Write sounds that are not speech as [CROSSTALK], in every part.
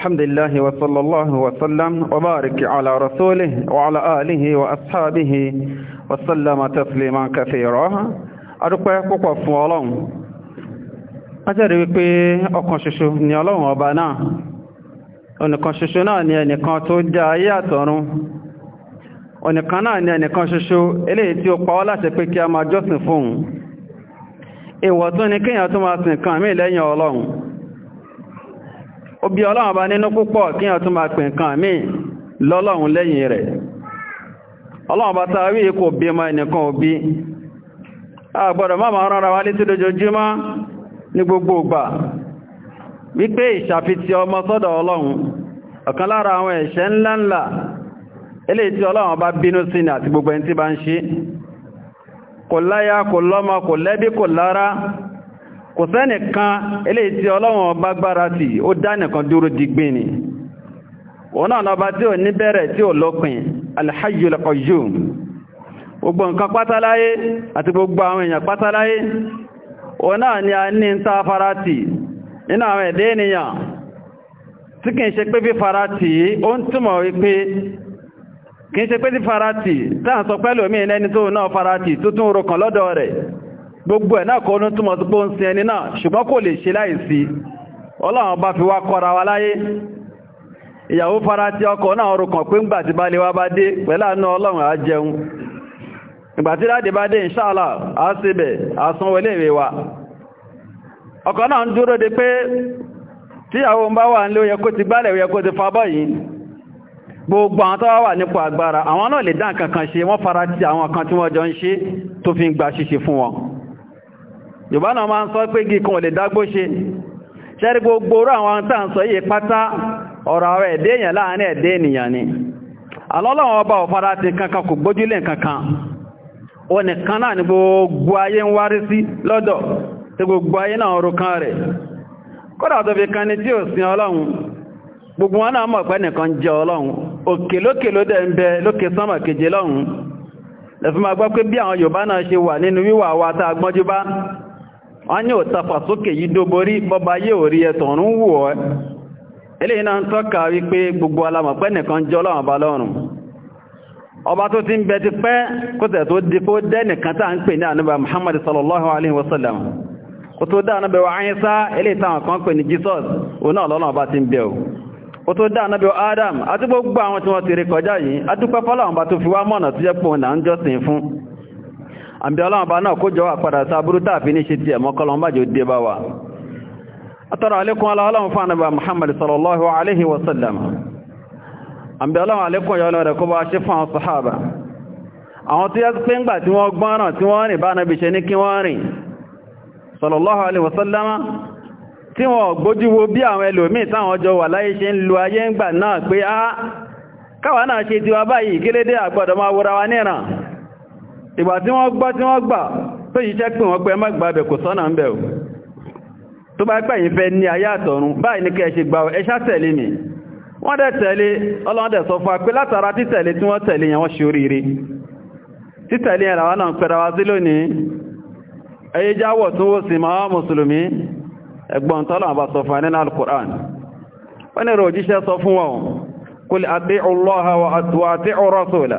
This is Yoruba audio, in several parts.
الحمد لله وصلى الله وسلم وبارك على رسوله وعلى آله وأصحابه وسلم تسليما كثيرا adúpẹ́ púpọ̀ fún ọlọ́run a jẹ́rìí wípé ọ̀kan ṣoṣo ni ọlọ́run ọba náà ọ̀nìkan ṣoṣo náà ni ẹnìkan tó dá ayé àtọ̀run ọ̀nìkan náà ni ẹnìkan ṣoṣo eléyìí tí ó pa wá láṣẹ pé kí a máa jọ́sìn fún un ìwọ̀ tún ni kíyàn tó máa sìn kan mí lẹ́yìn ọlọ́run ó bí ọlọ́run bá nínú púpọ̀ kí a tún máa pè nǹkan mí lọ́lọ́run lẹ́yìn rẹ̀ ọlọ́run bá tàà rí ikú bí ma ẹnìkan òbí a gbọ́dọ̀ má máa rán ara wa létí lójoojúmọ́ ní gbogbo ìgbà wípé ìṣàfitì ọmọ sọ́dọ̀ ọlọ́run ọ̀kan lára àwọn ẹ̀ṣẹ̀ ńláńlá eléyìí kò sẹ́nì kan eléyìí tí ọlọ́run ọba gbára tì ó dá nìkan dúró digbín ni òun náà lọ́ba tí ò ní bẹ̀rẹ̀ tí ò lópin alhayyul gbogbo nǹkan pátáláyé àti gbogbo àwọn èèyàn pátáláyé òun náà ni a ní ń ta farati nínú àwọn ẹ̀dẹ́ ènìyàn tí kìí ṣe pé bí farati ó ń túmọ̀ wípé kìí ṣe pé bí farati táà sọ pẹ́lú omi ẹni tó náà farati tó tún rọkàn lọ́dọ̀ rẹ̀ gbogbo ẹ̀ náà kọ́ ní túnmọ̀ tó ń sin ẹni náà ṣùgbọ́n kò lè ṣe láìsí ọlọ́run bá fi wá kọ́ra wa láyé ìyàwó fara tí ọkọ náà rọkàn pé ńgbà tí bá lè wá bá dé pẹ̀láàánú ọlọ́run á jẹun ìgbà láti bá dé ìṣàlá á síbẹ̀ àsánwọlé wa ọkọ náà ń dúró de pé tí ìyàwó ń bá wà nílé oyẹ kó ti gbálẹ̀ oyẹ kó ti fabọ́ yìí gbogbo àwọn tó yobana náà máa ń sọ pé gíkan ò lè dágbó ṣe ṣẹ́rí gbogbo orú àwọn tá à ń sọ yìí pátá ọ̀rọ̀ àwọn ẹ̀dẹ́ èèyàn láàárín ẹ̀dẹ́ ènìyàn ni alọ́lọ́wọ́n ọba ọ̀fara ti kankan kò gbójúlé kankan wọn nìkan náà ni gbogbo ayé ń wárí sí lọ́dọ̀ tí gbogbo ayé náà kan rẹ̀ kódà tó fi kan ni tí ò sin ọlọ́run gbogbo wọn náà mọ̀ pé nìkan jẹ́ ọlọ́run òkè lókè ló dẹ̀ ń bẹ lókè keje lọ́run lẹ́fí máa gbọ́ pé bí àwọn yorùbá náà ṣe wà nínú wíwà wa tá a gbọ́njú bá anya òtafà sókè yìí dóborí bọ́bá yé orí ẹ̀tọ̀rún wù ọ́ eléyìí náà ń tọ́ka wípé gbogbo alamọ̀pẹ́ nìkan jọ lọ́wọ́n bá lọ́rùn ọba tó ti ń bẹ ti pẹ́ kó tẹ̀ tó di kó dẹ́ nìkan tá à ń pè ní Muhammad sallallahu alaihi wasallam wa kan àbí ọlọ́ọ̀bá náà kó jọ àpàdà sáàbúrú tààfi ní ṣe tí ẹ̀mọ́ kọlọmbájò dé bá wa àtọ́rọ̀ alékún aláwọ̀lọ́wọ̀ fún ànàbà Muhammad sallallahu alaihi wasallam àbí ọlọ́wọ̀ alékún yọ lọ́rẹ̀ kó bá ṣe tí wọ́n gbọ́nà bí àwọn ẹlòmíì táwọn ọjọ́ wà láyé ṣe ń lo ayé ń gbà náà pé á ah, káwà náà ṣe tiwa báyìí kílédé àgbọ̀dọ̀ máa wúra wa níran ìgbà tí wọ́n gbọ́ tí wọ́n gbà tó yíṣẹ́ pè wọ́n pẹ́ mọ́gbà bẹ̀ kò sọ́nà ń bẹ̀ o tó bá pẹ́ yìí fẹ́ ní ayé àtọ̀run báyìí ní kẹ́ẹ̀ṣe gbà ẹṣá tẹ̀lé mi wọ́n dẹ̀ tẹ̀lé ọlọ́dẹ̀ sọ fún apé látara títẹ̀lé tí wọ́n al-Qur'an wọ́n ni rò jíṣẹ́ sọ fún Allaha wa ati'u rasula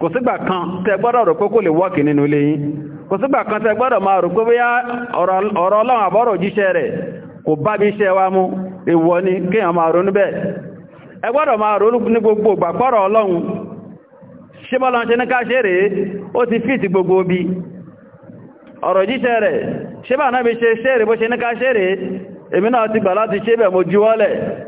kò sígbà kan tẹ gbọ́dọ̀ rò pé kò lè wọ́ọ̀kì nínú ilé yín kò sígbà kan tẹ gbọ́dọ̀ máa rò pé bóyá ọ̀rọ̀ ọlọ́run àbọ́rọ̀ òjíṣẹ́ rẹ̀ kò bá bí iṣẹ́ wa mú èwọ̀ ni kéèyàn máa ronú bẹ́ẹ̀ ẹ gbọ́dọ̀ máa ronú ní gbogbo gbàpọ̀rọ̀ ọlọ́run ṣe bọ́lọ́n ṣe ní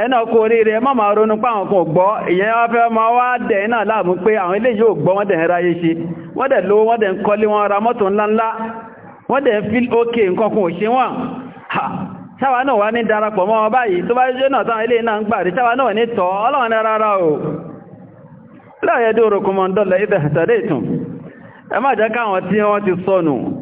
ẹ̀nà kò oríire má ma ronú pa àwọn kan gbọ́ ìyẹn wá fẹ́ máa wá dẹ̀ iná láàmú pé àwọn ilé yóò gbọ́ wọ́n dẹ̀ ń ráyé ṣe wọ́n dẹ̀ wọ́n dẹ̀ ń kọ́lé wọn ra mọ́tò ńláńlá wọ́n dẹ̀ ń fi ókè nǹkan kan ò ṣe náà wá ní darapọ̀ mọ́ báyìí tó bá jẹ́ náà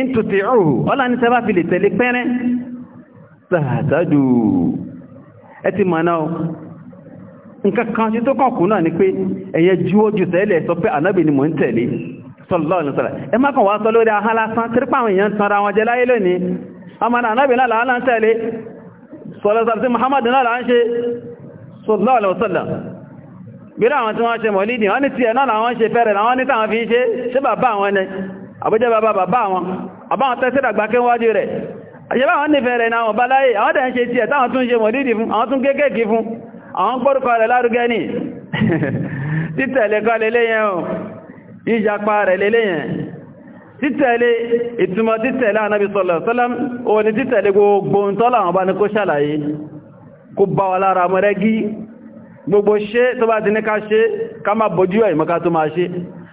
ìntùtì ọ̀hù ọlá ní tẹ́bá fi lè tẹ̀lé pẹ́rẹ́ tààtàdù ẹ ti mọ̀ náà nǹkan kan ṣe tó kọ̀kù náà ni pé ẹ̀yẹ juwójú tẹ́lẹ̀ sọ pé ànábì ni mò ń tẹ̀lé sallallahu alaihi wasallam ẹ má kàn wá sọ àwọn tí wọ́n ṣe mọ̀lídìí wọ́n ní tiẹ̀ náà làwọn ṣe fẹ́rẹ̀ làwọn ní táwọn fi ṣe ṣé bàbá àwọn ẹni àbújẹ́ bàbá bàbá wọn àbáwọn tẹ́sẹ̀dàgbà kí wájú rẹ̀ àṣẹ́bá wọn nífẹ̀ẹ́ rẹ̀ náà bá láyé àwọn tẹ́ ń ṣe tí ẹ̀ táwọn tún ṣe mọ̀dídì fún àwọn tún kéèkéèkì fún àwọn gbọ́rùkọ rẹ̀ lárugẹ ní [LAUGHS] títẹ̀lé kọ́ lélẹ́yẹn o ìjàpá rẹ̀ lélẹ́yẹn títẹ̀lé ìtumọ̀ títẹ̀lé Ànábì sallallahu alaihi wasallam ó ní títẹ̀lé gbogbo tọ́lá àwọn bá ní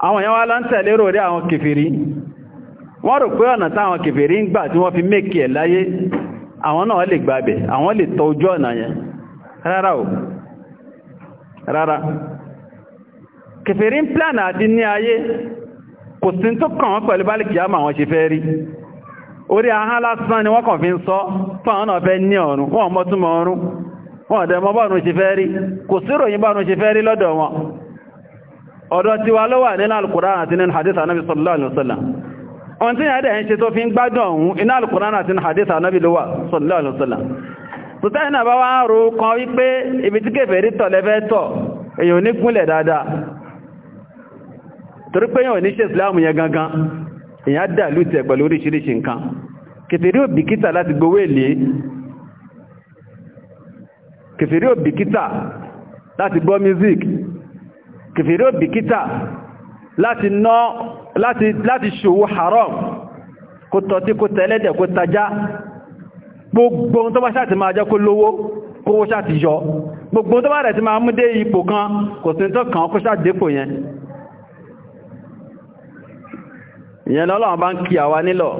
àwọn èèyàn wá láńtẹ̀lé rò rí àwọn kèfèrí wọ́n rò pé ọ̀nà táwọn kèfèrí ń gbà tí wọ́n fi mékè ẹ̀ láyé àwọn náà lè gbàbẹ̀ àwọn lè tọ ojú ọ̀nà yẹn rárá o rárá kèfèrí ń plánà àti ní ayé kò sí tó kàn wọ́n pẹ̀lú ṣe fẹ́ fi ń sọ fún àwọn náà fẹ́ ní ọ̀run wọ́n ọ̀dọ̀ ti wa lọ́wà nínú alkùnrin àti nínú hadith anábi sallallahu alaihi wasallam ọ̀n tí yàdẹ̀ ń ṣe tó fi ń gbádùn ọ̀hún sallallahu alaihi wasallam tòtẹ́ ìnà bá wá ń ro kan wípé ibi tí kèfèé rí tọ̀ lẹ́fẹ́ tọ̀ èyàn ní gúnlẹ̀ dáadáa torí pé yàn ní ṣe ìsìláàmù yẹn gangan èyàn dà òbìkítà láti gbowó èlé kèfèé òbìkítà láti gbọ́ music kìfìrí ò bìkítà láti ná láti ṣòwò haram kó tọ́tí kó tẹ́lẹ́dẹ̀ kó tajá gbogbo tó bá ṣáàtì máa jẹ́ kó lówó kó wó ṣáàtì yọ gbogbo tó bá rẹ̀ ti máa mú dé ipò kan kò sí tó kàn kó ṣáàdépò yẹn ìyẹn lọ́lọ́wọ́n bá ń kí àwa nílọ̀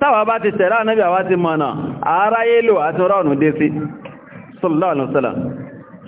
táwa bá ti tẹ̀lá náà bí àwa ti mọ̀nà àáráyé lò àti rọ̀nù dé sí sallallahu alaihi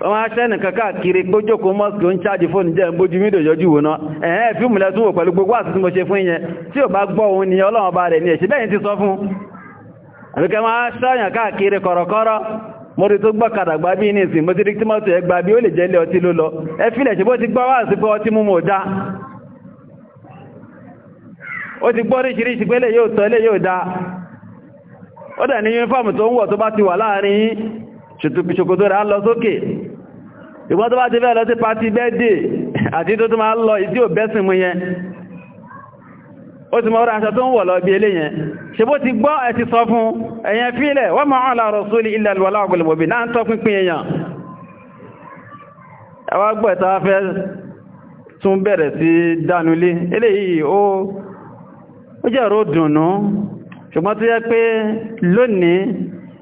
ọmọ aṣẹ́nì kankan kiri gbójókó mọ́sùkì ń ṣáàjì je jẹ́ gbójú mídò yọjú wona, ee, ẹ̀ẹ́ fíìmù lẹ́tún wò pẹ̀lú gbogbo àti tí mo ṣe fún ìyẹn tí o bá gbọ́ òun ni ọlọ́run bá rẹ̀ ní ẹ̀ṣẹ́ bẹ́yìn ti sọ fún àbíkẹ́ máa ka káàkiri kọ̀rọ̀kọ́rọ̀ mo rí tó gbọ́ kàdàgbà mo ti rí tí mọ́tò gba bí ó lè jẹ́ ilé ọtí ló lọ ẹ le ṣe bó ti gbọ́ wá sí pé ọtí múmu ò dá ó ti ti rẹ̀ á ìgbọ́n tó bá ti fẹ́ lọ sí pàtí bẹ́ẹ̀dì àti tó tó máa lọ ìdí ò bẹ́sìn mú yẹn ó ti mọ́ra aṣọ tó ń wọ̀ lọ bí ilé yẹn ṣe bó ti gbọ́ ẹ ti sọ fún ẹ̀yẹn fílẹ̀ wọ́n máa ọ̀là rọ̀súlì ilẹ̀ alwọ́lá ọgbọ̀lẹ̀bọ̀bì náà ń tọ́ pínpín èèyàn ẹwà gbọ́ ẹ̀ta fẹ́ tún bẹ̀rẹ̀ sí dánulé eléyìí ó jẹ́ ró dùnnú ṣùgbọ́n tó yẹ pé lónìí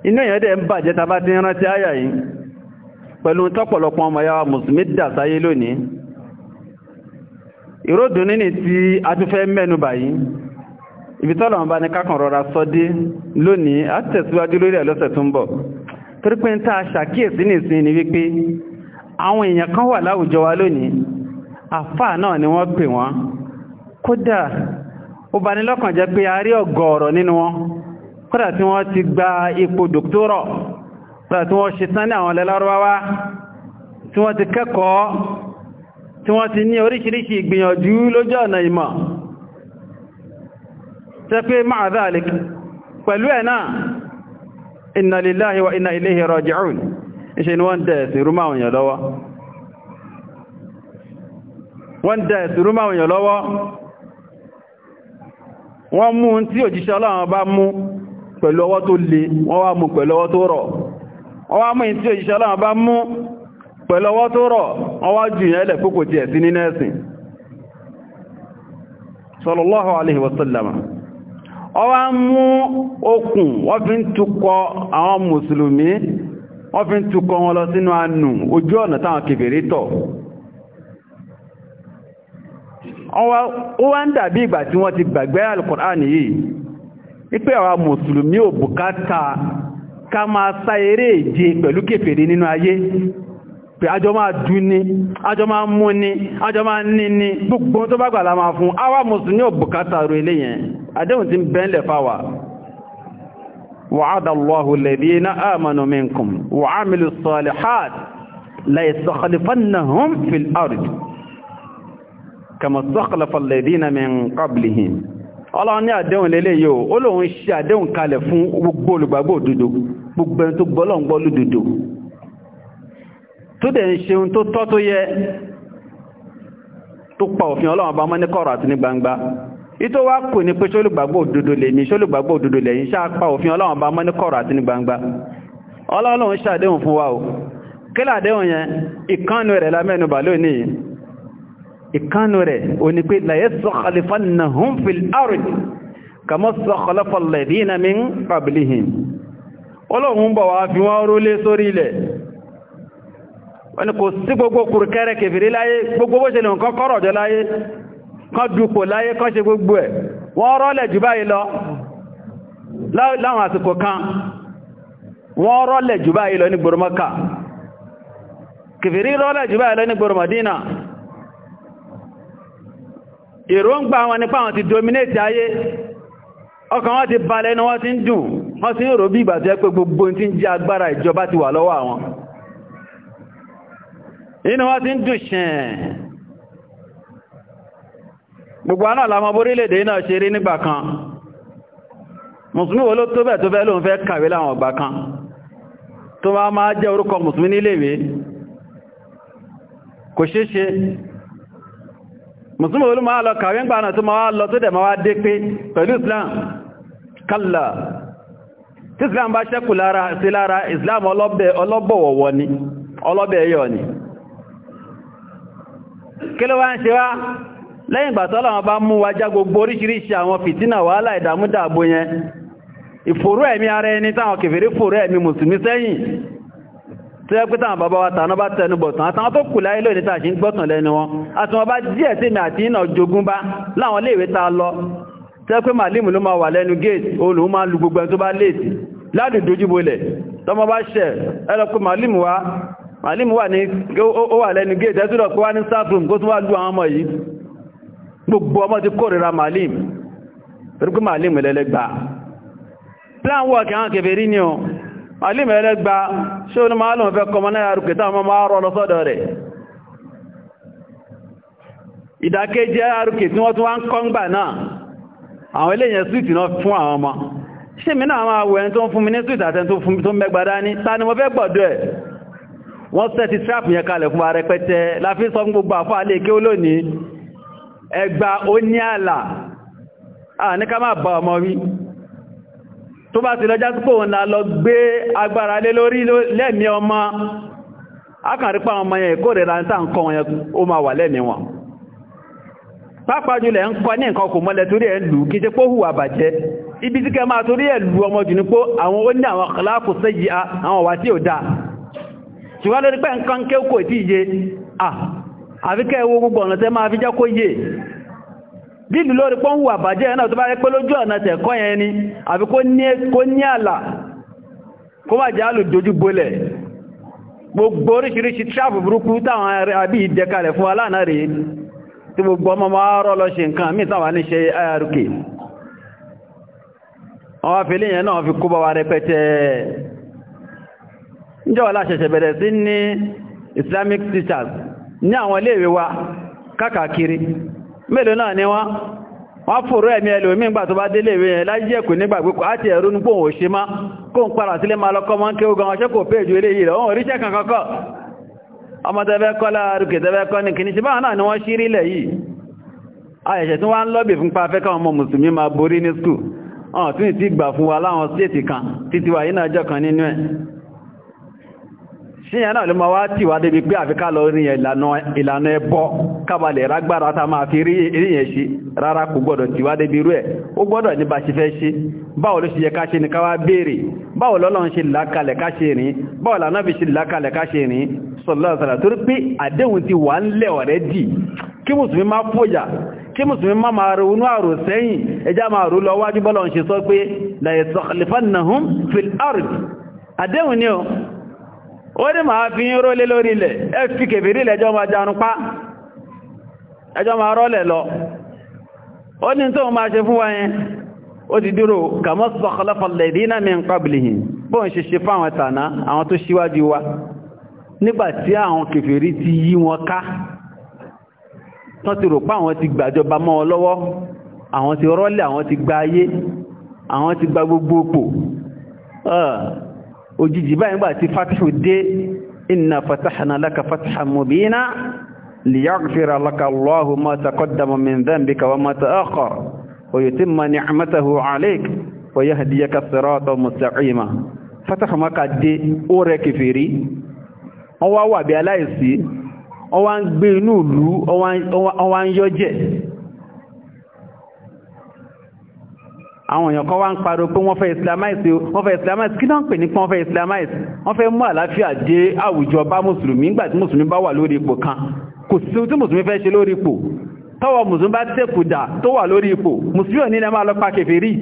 inú èèyàn dẹ̀ ń bàjẹ́ tabá ti pẹ̀lú tọ́pọ̀lọpọ̀ ọmọ ya mùsùlùmí dà sáyé lónìí ìròdùn nínú tí a tún fẹ́ mẹ́nu báyìí ibi tọ́lọ̀ bá ní kákan rọra sọ́dé lónìí a tẹ̀síwájú lórí ẹ̀ lọ́sẹ̀ tó ń bọ̀ torípé ń tá a ṣàkíyèsí nìsín ni wípé àwọn èèyàn kan wà láwùjọ wa lónìí àfáà náà ni wọ́n pè wọ́n kódà ó bà ní lọ́kàn jẹ́ pé a rí ọ̀gọ̀ọ̀rọ̀ nínú wọn kódà tí wọ́n ti gba ipò dòktórọ̀ gbà tí wọ́n ṣe tán ní àwọn lẹ́lọ́rọ́wá tí wọ́n ti kẹ́kọ̀ọ́ tí wọ́n ti ní oríṣiríṣi ìgbìyànjú lójú ọ̀nà ìmọ̀ tẹ́ pé máa záàlìk pẹ̀lú ẹ̀ náà inna lillahi wa inna ilayhi raji'un ni wọ́n dẹ̀ ọwá mú ìtí òjíṣẹ́ ọlọ́run bá mú pẹ̀lú ọwọ́ tó rọ̀ ọwá jù yẹn lẹ̀ kókò tí ẹ̀ sí nínú ẹ̀sìn sallallahu alaihi ọwá mú okùn wọ́n fi ń tukọ àwọn mùsùlùmí wọ́n fi ń tukọ wọn lọ sínú anù ojú ọ̀nà táwọn Ọwa tọ̀ ó wá ń dàbí ìgbà tí wọ́n ti gbàgbé alìkọ̀rán yìí wípé àwọn mùsùlùmí ò ká máa sá eré ìje pẹ̀lú kèfèrè nínú ayé pé ajọ máa dú ní ajọ máa mú ní ajọ máa ní ní gbogbo tó bá gbàlá máa fún àwa mùsùlùmí ò bùkátà ro ilé yẹn àdéhùn ti bẹ́ẹ̀lẹ̀ fáwà wa'ada ọlọ́run ní àdéhùn lélẹ̀ yóò ó lóun ṣe àdéhùn kalẹ̀ fún gbogbo olùgbàgbọ́ òdodo gbogbo ẹni tó gbọ́ lọ́n gbọ́ lódodo tó dẹ̀ ń ṣe ohun tó tọ́ tó yẹ tó pa òfin ọlọ́run bá mọ́ ní kọ̀rọ̀ àti ní gbangba ìtò wá kò ní pé ṣólùgbàgbọ́ òdodo lèmi ní ìkánu rẹ̀ o ní pé la yastakhlifannahum fil ard kama stakhlafa alladhina min qablihim ọlọ́run bọ̀ wá fi wọ́n rólé sórí ilẹ̀ wọ́n ni kò sí gbogbo kùrùkẹ́rẹ́ kèfèrí láyé gbogbo bó ṣe lè nǹkan kọ́rọ̀ jọ láyé kan kèfèrí rọ́lẹ̀ jù báyìí lọ èròǹgbà wọn nípa wọn ti dominate ayé ọkàn wọn ti balẹ̀ ní wọ́n ti ń dùn wọ́n ti ń rò bí ìgbà tó yẹ pé gbogbo tí ń jẹ́ agbára ìjọba ti wà lọ́wọ́ àwọn inú wọ́n ti ń dùn ṣẹ̀ẹ̀ gbogbo aná làmọ borílẹ̀-èdè iná ṣe rí nígbà kan mùsùlùmí wo ló tó bẹ̀ tó fẹ́ lóun fẹ́ kàwé láwọn ọgbà kan tó máa máa jẹ́ orúkọ mùsùlùmí níléèwé kò ṣeéṣe musulmi olú máa lọ kàwé ń gbà náà tó máa lọ tó dẹ̀ máa dé pé pẹ̀lú islam kalla tí islam bá ṣẹ́kù lára sí lára islam ọlọ́bọ̀wọ̀wọ̀ ni ọlọ́bẹ̀ ni kí ló wá ń ṣe wá lẹ́yìn ìgbà bá mú wa já gbogbo oríṣiríṣi àwọn fìtínà wàhálà ìdàmúdàbò yẹn ẹ̀mí ara ẹni táwọn kèfèrè ẹ̀mí musulmi sẹ́yìn tó yẹ pé táwọn bàbá wa tàná bá tẹnu bọ̀tán àtàwọn tó kù láyé lónìí tàṣí ń gbọ́tàn lẹ́nu wọn àti wọn bá díẹ̀ tí mi àti iná jogun bá láwọn iléèwé ta lọ tó yẹ pé màlímù ló máa wà lẹ́nu gate olùhún máa lu gbogbo ẹni tó bá léètì wa màlímù wà ní ó wà lẹ́nu gate ẹ túnlọ̀ pé wá ní staff room kó tún wá lu plan work àwọn kèfèrí ni alímẹ̀ẹ́lẹ́ gba ṣe ó ní máa lọ́n fẹ́ kọmọ náà rùkẹ̀ tán máa rọ lọ sọ́dọ̀ rẹ̀ ìdákẹ́jẹ́ arùkẹ̀ tí wọ́n tún wá ń kọ́ ń gbà náà àwọn eléyìn súìtì náà fún àwọn ọmọ ṣe mi náà máa wẹ̀ẹ́n tó ń fún mi ní súìtì àtẹ́ tó fún mi tó ń tó bá ti lọ́já sípò òun lọ gbé agbára lé lórí lẹ́mí ọmọ akàrípa ọmọ yẹn kó rẹ̀ rántà ń kọ́ wọn yẹn ó máa wà lẹ́mí wọn pápá jùlọ ń kọ́ ní nǹkan kò mọ́lẹ̀ torí ẹ̀ lù kí ṣe pó hùwà bàjẹ́ ibi tí kẹ máa torí ẹ̀ lù ọmọ pó àwọn ó ní àwọn kàláàkù sẹ́yí àwọn wà tí ò dáa ṣùgbọ́n lórí pẹ́ nǹkan kéókò tí yé àfikẹ́ owó gbogbo ọ̀nà tẹ́ máa fi jẹ́ kó yé bílù lórí pọ́n wà bàjẹ́ ẹ̀nà tó bá rẹ pé lójú ọ̀nà tẹ̀kọ́ ẹni àbí kó ní àlà kó bá jẹ́ dojú gbogbo oríṣiríṣi tráfù burúkú táwọn àbí ìdẹ́kalẹ̀ fún aláàná rèé tí gbogbo ọmọ máa rọ́ lọ ṣe nǹkan mí ní ṣe irk mélòó náà ni wọ́n wọ́n fòrò ẹ̀mí ẹlòmí ìgbà tó bá délé ìwé yẹn láyé ẹ̀kù nígbà pípọ̀ àti ẹ̀rú ní pòhùn òṣè má kó ń padà sílé máa lọ́kọ́ mọ́ ń kéwú gan ọṣẹ́ kò péèjì orí yìí rẹ̀ wọ́n oríṣẹ́ kankankọ́ ọmọ tẹ́fẹ́ kọ́ láàrùkè tẹ́fẹ́ kọ́ ní kìíní ṣe báwọn náà ni wọ́n ṣírí lẹ̀ yìí ayẹ̀ṣẹ̀ ṣíyàn náà ló ma wá tí wà débi pé àfikà lọ rí ìlànà ẹbọ kábalẹ̀ rágbára tá máa fi rí ìrìyàn ṣe rárá kò gbọ́dọ̀ tí wà débi rú ẹ̀ ó gbọ́dọ̀ ní bá ṣe fẹ́ ṣe báwo ló ṣe yẹ ká ṣe ní káwá béèrè báwo lọ́lọ́run ṣe làkalẹ̀ ká ṣe rìn báwo lànà fi ṣe làkalẹ̀ ká ṣe fil ard àdéhùn ni ó ní máa fi ń rólé lórí ilẹ̀ fp kèfèrí lẹ́jọ́ máa janú pá ẹjọ́ máa rọ́lẹ̀ lọ ó ní tó máa ṣe fún wáyẹn ó ti dúró kàmọ́ sọ̀kọlọ́fọ̀lẹ̀ dínà min qablihim bóòn ṣe ṣe fáwọn tàná àwọn tó ṣíwájú wa òjijì báyìí gbà tí fatihu dé inna fatahna laka fatahan mubina liyaghfira laka allahu ma taqaddama min dhanbika wa ma ta'akhkhar wa yutimma ni'matahu 'alayka wa yahdiyaka siratan mustaqima fatahu maka dé ó rẹ̀ kèfèrí wọ́n wá wà bí aláìsí wọ́n wá ń gbé inú ìlú wọ́n wá ń yọ́jẹ̀ àwọn èèyàn kan wá ń pariwo pé wọ́n fẹ́ islamize wọ́n fẹ́ islamize kí náà ń pè ní pé wọ́n fẹ́ islamize wọ́n fẹ́ mú àlàáfíà dé àwùjọ bá mùsùlùmí nígbà tí mùsùlùmí bá wà lórí ipò kan kò sí ohun tí mùsùlùmí fẹ́ ṣe lórí ipò tọ́wọ́ mùsùlùmí bá tẹ̀kùdà tó wà lórí ipò mùsùlùmí ò ní máa lọ pa kèfèrí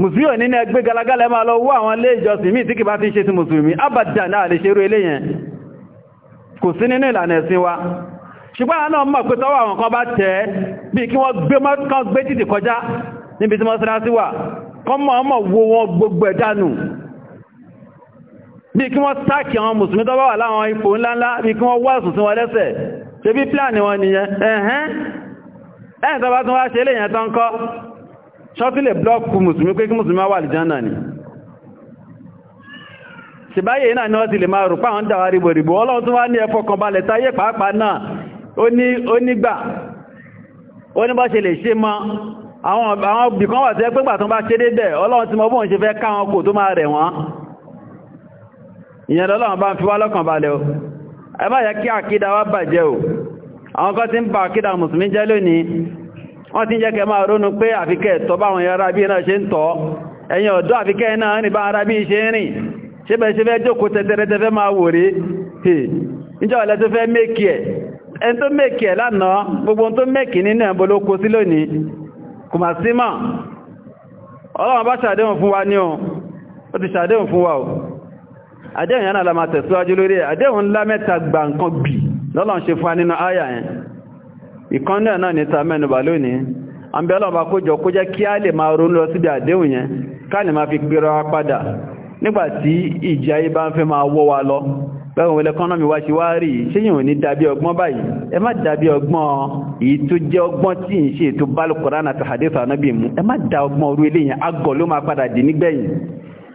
mùsùlùmí ò ṣùgbọ́n àwọn náà mọ̀ àwọn kan bá tẹ̀ bí kí wọ́n gbé títì kọjá níbi tí mọ́sánásí wà kọmọ̀ ọmọ wo wọn gbogbo ẹ̀dánù bí kí wọ́n táàkì àwọn mùsùlùmí tó bá wà láwọn ipò ńláńlá bí kí wọ́n wá sùsùn wọn lẹ́sẹ̀ ṣe bí pláàni wọn nìyẹn ẹ̀hẹ́n ẹ̀yìn tó ni ṣìbáyé náà ni wọ́n ti lè máa rò páwọn dáwà ríbòrìbò ọlọ́run tún wá ní ẹfọ́ kan balẹ̀ táyé pàápàá náà ó nígbà ó ní bá ṣe lè ṣe mọ́ àwọn bìkan wà tí ẹ pẹ́gbà tó bá ṣe dédẹ̀ ọlọ́run tí mọ bóòn ṣe fẹ́ káwọn kò tó máa rẹ̀ wọ́n ìyẹn lọ́lọ́run bá ń fi wá lọ́kàn balẹ̀ o ẹ bá yẹ kí àkídà wá bàjẹ́ o àwọn kan ti ń bà àkídà mùsùlùmí jẹ́ lónìí wọ́n ti ń jẹ́ kẹ máa ronú pé àfikẹ́ tọ́ báwọn fẹ́ máa wò rí ìjọ ọ̀lẹ́ tó fẹ́ mẹ́kì ẹ̀ ẹni tó mẹ́kì ẹ̀ lánàá gbogbo tó mẹ́kì nínú ẹ̀bọ̀ sí lónìí kò máa sí máa ọlọ́wọ́n bá ṣàdéhùn fún wa ní o ó ti ṣàdéhùn fún wa o àdéhùn yánà la máa tẹ̀síwájú lórí àdéhùn ńlá mẹ́ta gbà nǹkan bì lọ́lọ́n ṣe fún wa nínú áyà yẹn ìkan náà náà ní ta mẹ́nubà lónìí àbí ọlọ́wọ́n bá kójọ kó jẹ́ kí á lè báwọn wọlé kọ́nà mi wá ṣe wá rí ṣéyìn ò ní dàbí ọgbọ́n báyìí ẹ má dàbí ọgbọ́n èyí tó jẹ́ ọgbọ́n tí ń ṣe ètò bálùkọ̀rán àti hadith Ànábì mú ẹ má da ọgbọ́n orú eléyìn agọ̀ ló máa padà dì nígbẹ̀yìn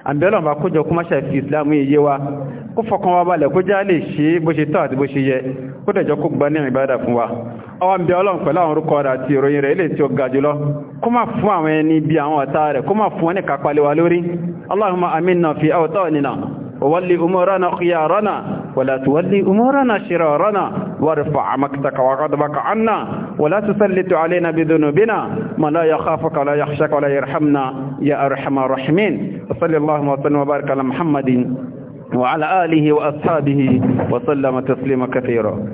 àbẹ́lọ̀ bá kójọ kó má ṣe fi Islam yé wa kó fọkàn wa balẹ̀ kó já lè ṣe bó ṣe tọ́ àti bó ṣe yẹ kó dẹ̀jọ́ kó gba ní ìbádà fún wa ọwọ́n bí ọlọ́run pẹ̀lú àwọn orúkọ rẹ̀ àti ìròyìn rẹ̀ ilé tí ó ga jùlọ kó má fún àwọn ẹni bí àwọn ọ̀tá rẹ̀ kó má fún wọn kápálẹ̀ wa lórí Allahumma aminna fi awtanina وولي أمورنا خيارنا ولا تولي أمورنا شرارنا وارفع مكتك وغضبك عنا ولا تسلط علينا بذنوبنا من لا يخافك ولا يخشك ولا يرحمنا يا أرحم الراحمين وصلى الله وسلم وبارك على محمد وعلى آله وأصحابه وسلم تسليما كثيرا